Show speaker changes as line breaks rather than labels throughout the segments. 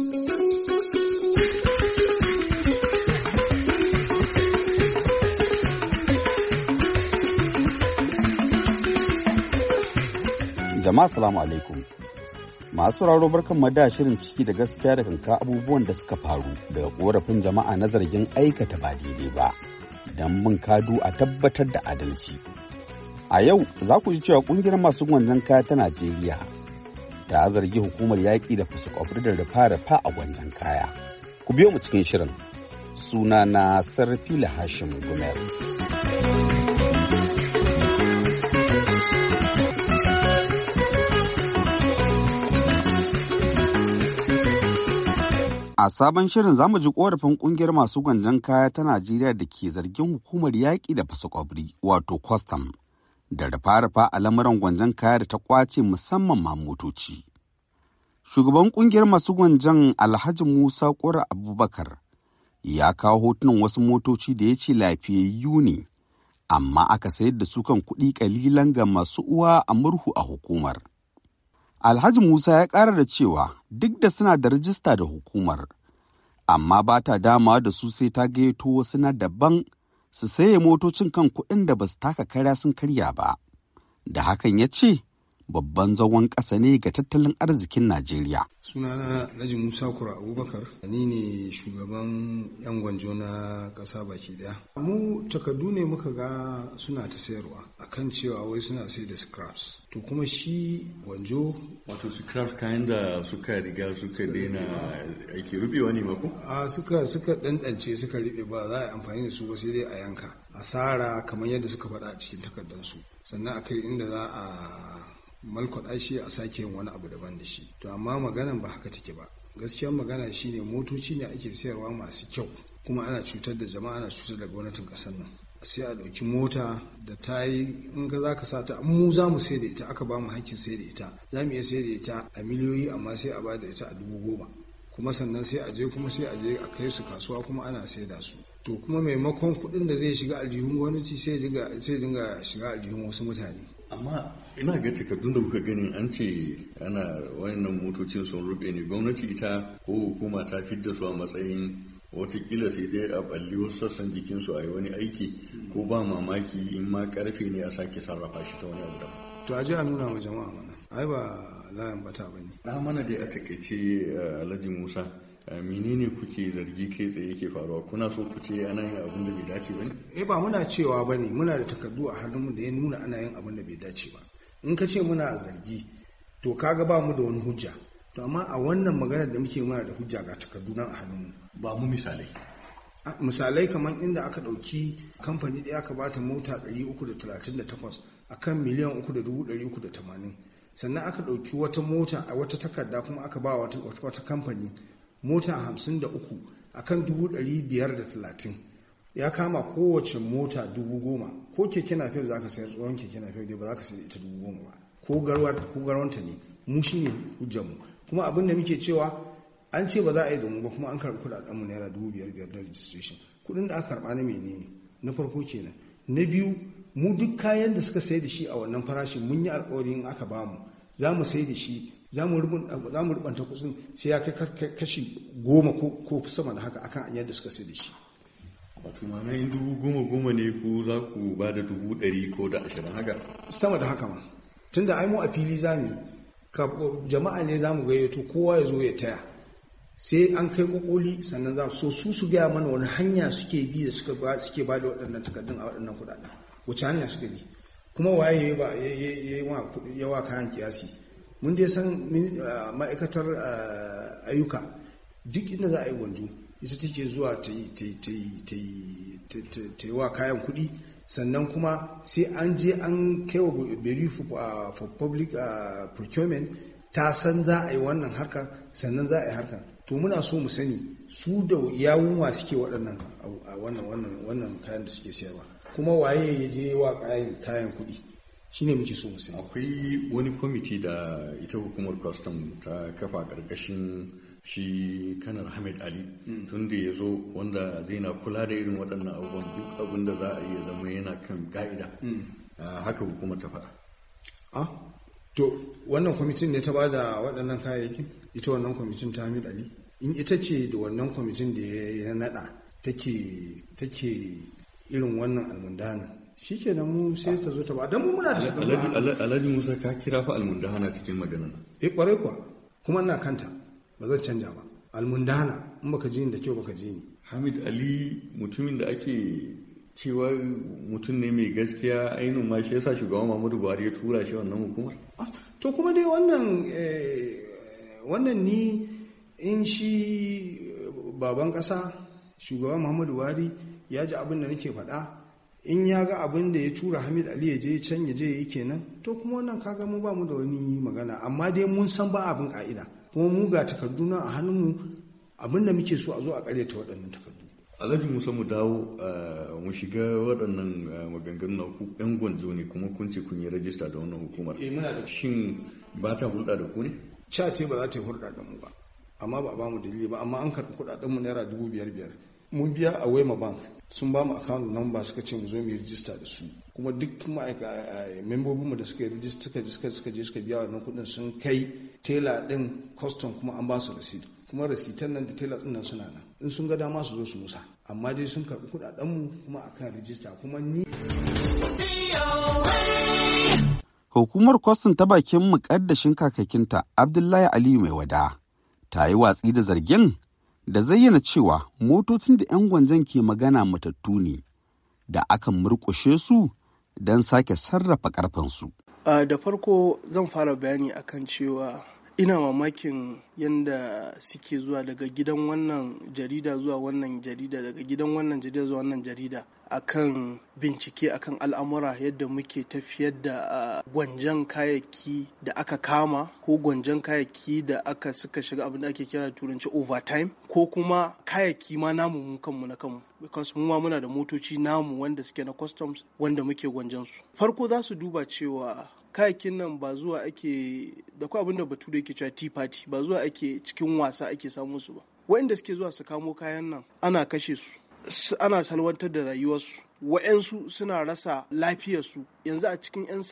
Jama'a salamu alaikum. Masu sauraro barkan da shirin ciki da gaskiya da kanka abubuwan da suka faru daga korafin jama'a na zargin aikata ba daidai ba. Don mun kadu a tabbatar da adalci. A yau za ku ji cewa kungiyar masu wannan kaya ta Najeriya ta zargi hukumar yaƙi da fusa da rufa fa a gwanjan kaya ku biyo mu cikin shirin suna na sarfi hashim Gumer. a sabon shirin za mu ji korafin kungiyar masu gwanjan kaya ta najeriya da ke zargin hukumar yaƙi da fasa wato kwastam da rufa-rufa a lamuran gwanjan kaya da ta kwace musamman ma motoci. Shugaban kungiyar masu gwanjan Alhaji Musa Kura Abubakar ya kawo hotunan wasu motoci da ya ce lafiyayyu ne, amma aka sayar da su kan kuɗi ƙalilan ga masu uwa a murhu a hukumar. Alhaji Musa ya ƙara da cewa duk da suna da rajista da hukumar, amma ba ta dama da su sai ta gayyato wasu na daban su saye motocin kan kuɗin da ba su taka kara sun karya ba da hakan ya ce babban zagon ƙasa ne ga tattalin arzikin Najeriya.
Sunana Naji Musa Kura Abubakar, ni ne shugaban 'yan gwanjo na ƙasa baki ɗaya. Mu takardu ne muka ga suna ta sayarwa akan cewa wai suna sai da scraps.
To kuma shi gwanjo. Wato scraps kayan da suka riga suka daina aiki rubewa ne mako?
A suka suka ɗanɗance suka riɓe ba za a yi amfani da su ba sai dai a yanka. Asara kamar yadda suka faɗa a cikin takardarsu. Sannan a kai inda za a malkwaɗa shi a sake yin wani abu daban da shi to amma maganan ba haka take ba gaskiyar magana shine motoci ne ake sayarwa masu kyau kuma ana cutar da jama'a ana cutar da gwamnatin ƙasar nan sai a ɗauki mota da ta yi in ga za ka sa ta mu za mu sai da ita aka ba mu hakkin sai da ita za mu iya sai da ita a miliyoyi amma sai a ba da ita a dubu goma kuma sannan sai a je kuma sai a je a kai su kasuwa kuma ana sai da su to kuma maimakon kuɗin da zai shiga aljihun gwamnati sai dinga shiga aljihun wasu mutane
amma ina ga takardun da kuka gani an ce ana wayannan motocin sun rufe ne gwamnati ita ko hukuma ta fidda su a matsayin watakila sai dai a balli wasu sassan jikinsu a yi wani aiki ko ba mamaki in ma karfe ne a sake sarrafa shi ta wani abu daban to a a
nuna ma jama'a mana ai ba layan bata ba ne
na mana dai a takaice eh, alhaji musa Eh, menene kuke zargi kai tsaye ke faruwa kuna so ku ce ana yin abin da bai dace ba
eh ba muna cewa ba ne muna da takardu a hannunmu da ya nuna ana yin abin da bai dace ba in ka ce muna zargi to kaga ba mu da wani hujja to amma a wannan maganar da muke muna da hujja ga takardu nan a hannunmu ba mu misalai misalai kamar inda aka ɗauki kamfani ɗaya aka bata mota 338 akan miliyan 3,380 sannan aka ɗauki wata mota a wata takarda kuma aka ba wata kamfani mota 53 akan 530 ya kama kowace mota 10,000 ko keke na da za ka sayar tsohon keke na dai ba za ka sayar ita 10,000 ba ko garwanta ne mu shi ne hujjanmu kuma abin da muke cewa an ce ba za a yi da mu ba kuma an karɓi kuɗaɗen mu naira 5,500 na registration kuɗin da aka karɓa na menene na farko kenan na biyu mu duk kayan da suka sayar da shi a wannan farashin mun yi alƙawarin aka bamu za mu sai da shi za mu rubanta kudin sai ya kai kashi goma ko sama da haka akan yadda suka sai da shi
wato mana yin dubu goma goma ne ko za ku ba da dubu ɗari ko da ashirin haka sama da haka ma tunda
ai mu a fili za mu jama'a ne za mu gayyato kowa ya zo ya taya sai an kai kokoli sannan za so su su gaya mana wani hanya suke bi da suke ba da waɗannan takardun a waɗannan kuɗaɗen wace hanya suke bi kuma waye ya wa kayan kiyasi mun dai san uh, ma'aikatar uh, ayyuka duk inda za a yi gwanjo ita take zuwa ta yi wa kayan kuɗi sannan kuma sai an je an kai wa beri uh, for public procurement ta san za a yi wannan harkar sannan za a yi harkar to muna so mu sani su da yawunwa suke waɗannan wannan kayan da
suke sayarwa kuma waye ya je wa kayan kayan kuɗi ne muke so mu akwai wani kwamiti da ita hukumar custom ta kafa karkashin shi kanar hamid ali hmm. tun da ya zo wanda zai na kula da irin waɗannan abubuwan duk abin da za a iya zama yana kan ga'ida. Hmm. haka hukumar ta faɗa
a ah,
to wannan kwamitin ne ta ba da waɗannan kayayyakin ita wannan kwamitin ta hamid ali in ita ce da wannan kwamitin da ya naɗa take irin wannan almundana shi ke mu sai ta zo ta ba don mu muna da shi alhaji
musa ka kira fa almundana cikin magana
eh kwarai kuwa kuma ina kanta ba zan canja ba almundana in baka ji ni da kyau baka ji ni hamid ali mutumin da
ake cewa mutum ne mai gaskiya ainihin ma shi yasa shugaban muhammadu buhari ya tura shi wannan hukumar ah,
to kuma dai wannan eh, wannan ni in shi eh, baban kasa shugaban muhammadu buhari ya ji abin da nake faɗa in ya ga abin da ya tura hamid ali ya je can ya je yi kenan to kuma wannan kaga mu ba mu da wani magana amma dai mun san ba abin ka'ida kuma mu ga takardu nan a hannunmu abin da muke so a zo a karyata waɗannan takardu
alhaji musa mu dawo eh, mu shiga waɗannan eh, maganganu na ku yan gwanzo ne kuma kun ce kun yi rajista da wannan hukumar eh muna da shin ba ta hulɗa da ku ne ce ba za ta yi hulɗa da mu ba amma ba a ba mu
dalili ba amma an karɓi kuɗaɗen mu naira dubu biyar biyar mun biya a wema bank sun ba mu account number suka ce mu zo mu rijista da su kuma duk eh, membobin mu da suka yi suka suka je suka biya wannan kuɗin sun kai tela din custom kuma an ba su receipt kuma rasitan nan da tela din nan suna nan in sun ga dama su zo su musa amma dai sun karɓi kuɗaɗen mu kuma akan rijista kuma ni
Hukumar kwastin ta bakin mukaddashin kakakinta Abdullahi Aliyu mai wada ta yi watsi da zargin da zayyana cewa motocin da 'yan gwanjan ke magana matattu ne da akan murƙushe su don sake sarrafa ƙarfansu.
Uh, da farko zan fara bayani akan cewa ina mamakin yadda suke zuwa daga gidan wannan jarida zuwa wannan jarida daga gidan wannan jarida zuwa wannan jarida akan bincike akan al'amura yadda muke tafiyar da gwanjan kayayyaki da aka kama ko gwanjan kayayyaki da aka suka shiga abin da ake kira turanci overtime ko kuma kayayyaki ma namu mu kanmu na kanmu because mu ma muna da motoci namu wanda suke na customs wanda muke gwanjan su farko za su duba cewa kayakin nan ba zuwa ake da ku abinda da yake cewa tea party ba zuwa ake cikin wasa ake samu su ba waɗanda suke zuwa su kamo kayan nan ana kashe su ana salwantar da rayuwarsu wa'yansu suna rasa lafiyarsu yanzu a cikin 'yan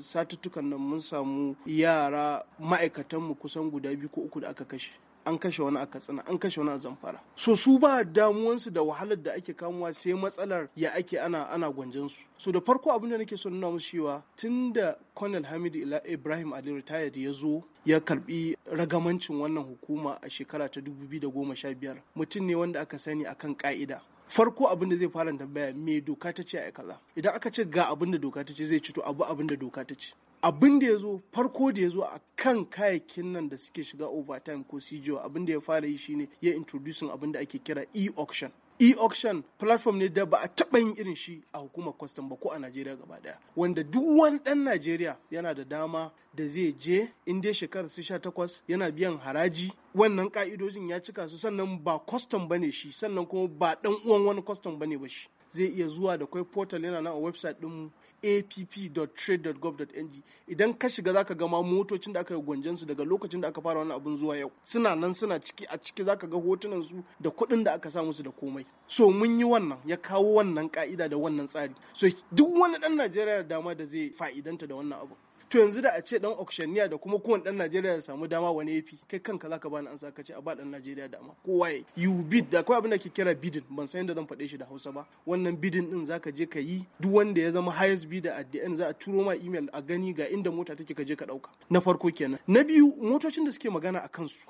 satuttukan nan mun samu yara ma'aikatanmu kusan guda biyu ko uku da aka kashe an kashe wani a katsina an kashe wani a zamfara so su ba damuwansu da wahalar da ake kamuwa sai matsalar ya ake ana ana gwanjan su so da farko abin da nake so nuna musu cewa tunda Colonel Hamid Ibrahim Ali retired ya zo ya karbi ragamancin wannan hukuma a shekara ta 2015 mutum ne wanda aka sani akan ka'ida farko abin da zai fara tambaya mai doka ta ce a kaza idan aka ce ga abin da doka ta ce zai cito to abu abin da doka ta ce abin da ya zo farko da ya zo a kan kayayyakin nan da suke shiga overtime ko cgo abin da ya fara yi shine ya introducing abin da ake kira e-auction e-auction platform ne da ba a taɓa yin irin shi a hukumar kwastam ba ko a najeriya gaba daya wanda duk wani ɗan najeriya yana da dama da zai je in dai shekarar su sha takwas yana biyan haraji wannan ka'idojin ya cika su sannan ba kwastam bane shi sannan kuma ba ɗan uwan wani kwastam bane ba shi zai iya zuwa da kwai portal yana nan a website ɗin app.trade.gov.ng idan ka shiga zaka ga ma motocin da aka yi gwanjan su daga lokacin da aka fara wannan abun zuwa yau suna nan suna ciki a ciki zaka ga hotunan su da kuɗin da aka sa musu da komai so mun yi wannan ya kawo wannan ka'ida da wannan tsari so duk wani ɗan Najeriya da dama da zai fa'idanta da wannan abu to yanzu da a ce dan auctioneer da kuma kowane dan Najeriya ya samu dama wani fi kai kanka zaka bani an saka ce a ba dan Najeriya dama kowa ya you bid da akwai abin da ke kira bidin ban san yadda zan faɗe shi da Hausa ba wannan bidin din ka je ka yi duk wanda ya zama highest bidder at the za a turo ma email a gani ga inda mota take ka je ka ɗauka. na farko kenan na biyu motocin da suke magana a kansu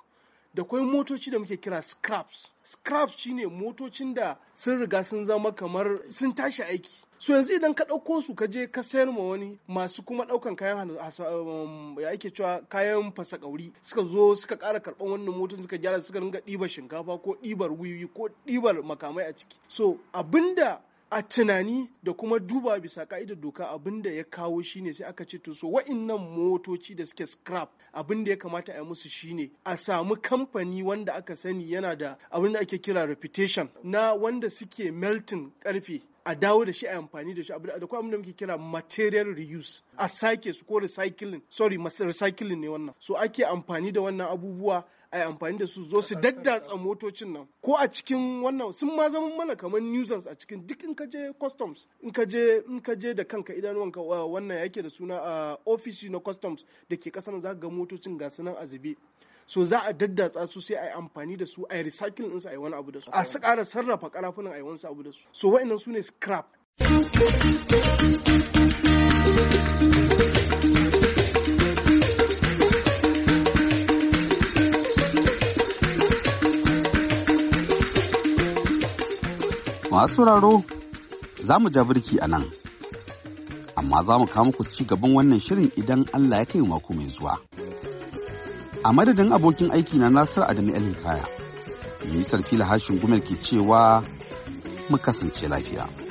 da kwai motoci da muke kira scraps scraps shine motocin da sun riga sun zama kamar sun tashi aiki so yanzu idan ka ɗauko su ka je ka sayar ma wani masu kuma ɗaukan kayan um, ya ake cewa kayan fasa ƙauri suka zo suka ƙara karɓan wannan motocin suka gyara suka ringa ɗibar shinkafa ko ɗibar wiwi ko ɗibar makamai a ciki so abinda a tunani da kuma duba bisa ka'idar doka abinda ya kawo shine sai aka ce to so wa'innan motoci da suke scrap abinda ya kamata a yi musu shine a samu kamfani wanda aka sani yana da abinda ake kira reputation na wanda suke melting karfe a dawo da shi a amfani da shi abu da kuma da muke kira material reuse a sake su ko recycling sorry recycling ne wannan so ake amfani da wannan abubuwa a yi amfani da su zo su daddatsa motocin nan ko a cikin wannan sun ma zama mana kamar nuisance a cikin duk in ka je customs in ka je in ka je da kanka idanuwanka wannan yake da suna a ofishi na customs da ke kasar za ga motocin ga nan a zube so za a daddatsa su sai a yi amfani da su a yi recycling ɗinsu a yi wani abu da su a ƙara sarrafa karafunan a yi wani abu da su so wa'annan su ne scrap
masu sauraro za mu ja birki a nan amma za mu kama muku ci gaban wannan shirin idan Allah ya kai mako mai zuwa a madadin abokin aiki na nasir adamu elin kaya nisar fila hashin gumel ke cewa mu kasance lafiya